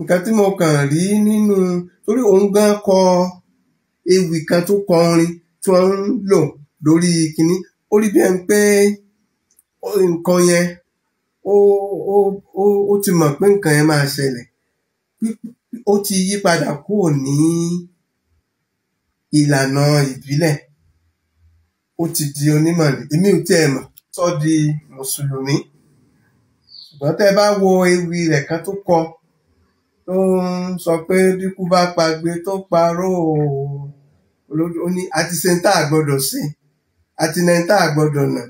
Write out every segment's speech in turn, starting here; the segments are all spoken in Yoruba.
nǹkan tí mo kàn rí nínú torí òun gan kọ ewì kan tó kọ orin tí wọ́n ń lò lórí kinní ó rí bí ẹni pé nǹkan yẹn ó ó ó ó ti mọ̀ pé nǹkan yẹn máa ṣẹlẹ̀ ó ti yí padà kúrò ní ìlànà ìbílẹ̀ ó ti di onímọ̀lẹ̀ èmi ò tiẹ̀ mọ̀ sọ di mùsùlùmí ṣùgbọ́n tẹ́ ẹ bá wo ewì rẹ̀ kan tó kọ tó ń sọ pé bíkú bá pagbe tó parọ́ ó ní àti sentá àgbọ́dọ̀ sí àti nẹńtá àgbọ́dọ̀ nà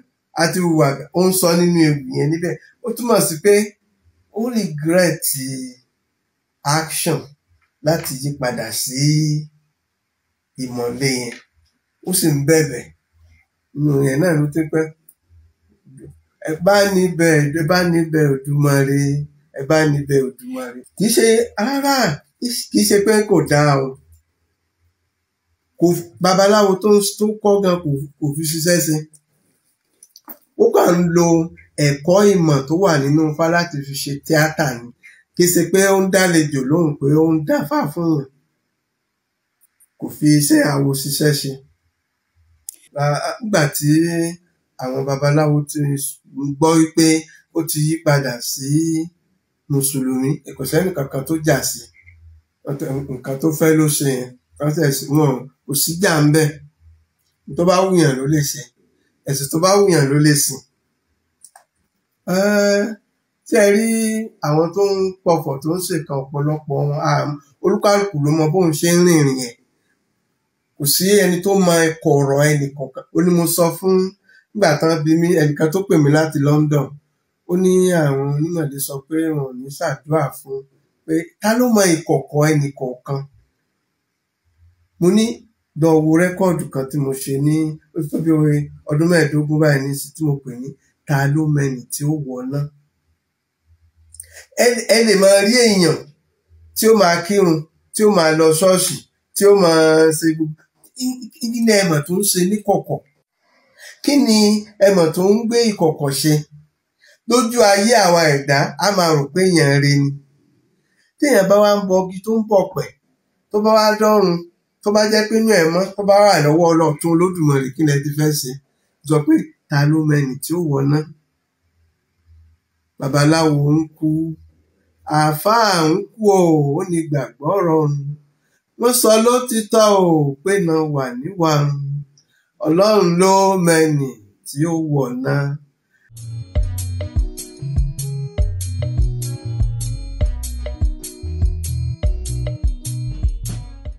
àti hùwà ó ń sọ nínú ewì yẹn níbẹ̀ ó túmọ̀ sí pé ó regret action láti yí padà sí ìmọ̀le yẹn ó sì ń bẹ̀bẹ̀ nù yẹn náà ló ti pẹ́ ẹ bá níbẹ̀ ẹ bá níbẹ̀ Òdùmarè ẹ bá níbẹ̀ Olódùmarè kì í ṣe rárá kì í ṣe pé kò dáa o kò babaláwo tó tó kọ́ gan kò fi ṣiṣẹ́ ṣe ó kàn ń lo ẹ̀kọ́ ìmọ̀ tó wà nínú Ifá láti fi ṣe tíátà ni kì í ṣe pé ó ń dálejò lóhùn pé ó ń dáfà fún yàn kò fi iṣẹ́ àwo ṣiṣẹ́ ṣe nígbà tí àwọn babaláwo ti gbọ́ wípé ó ti yí padà sí. Si, mùsùlùmí kò sẹ́ni kankan tó jà sí nǹkan tó fẹ́ ló ṣe yẹn kọ́ńtẹ̀sì wọn kò sí jà ń bẹ̀ tó bá wùyàn ló lè ṣe ẹ̀sìn tó bá wùyàn ló lè sìn. tí ẹ rí àwọn tó ń pọ̀fọ̀ tó ń ṣèkà ọ̀pọ̀lọpọ̀ olúkálùkù ló mọ bóun ṣe ń rìnrìn yẹn kò sí ẹni tó mọ ẹkọ ọ̀rọ̀ ẹnìkọ̀ọ̀kan ó ní mo sọ fún nígbà tán bí mi ẹnìkan tó pè mí láti London ó ní àwọn onímọ̀lé sọ pé wọn ò ní ṣàdúrà fún un pé ta ló mọ ìkọ̀kọ̀ ẹnì kọ̀ọ̀kan mo ní dọ̀wọ́ rẹ́kọ̀dù kan tí mo ṣe ní ó tó bí ọdún mẹ́ẹ̀ẹ́dógún báyìí ní tí mo pè ní ta ló mẹ́ni tí ó wọ̀ náà ẹ lè máa rí èèyàn tí ó máa kírun tí ó máa lọ ṣọ́ọ̀ṣì tí ó máa ṣe gbogbo kí ni ẹ̀mọ̀ tó ń ṣe ní kọ̀kọ̀ kí ni ẹ̀mọ̀ tó ń gbé ìkọ̀kọ̀ ṣe lójú ayé àwa ẹ̀dá a máa rò pé èèyàn rè ni téèyàn bá wá ń bọ igi tó ń bọ̀ pẹ̀ tó bá wá dọ́run tó bá jẹ́ pé inú ẹ̀ mọ́ tó bá wà lọ́wọ́ ọlọ́tún tó olódùmarè kí lẹ ti fẹ́ ṣe jọ pé ta ló mẹ́ni tí ó wọná babaláwo ń kú àáfàá ń kú o ó ní gbàgbọ́ rọrùn wọ́n sọ ló ti tọ́ o pé náà wà níwàrùn ọlọ́run ló mẹ́ni tí ó wọ̀ná.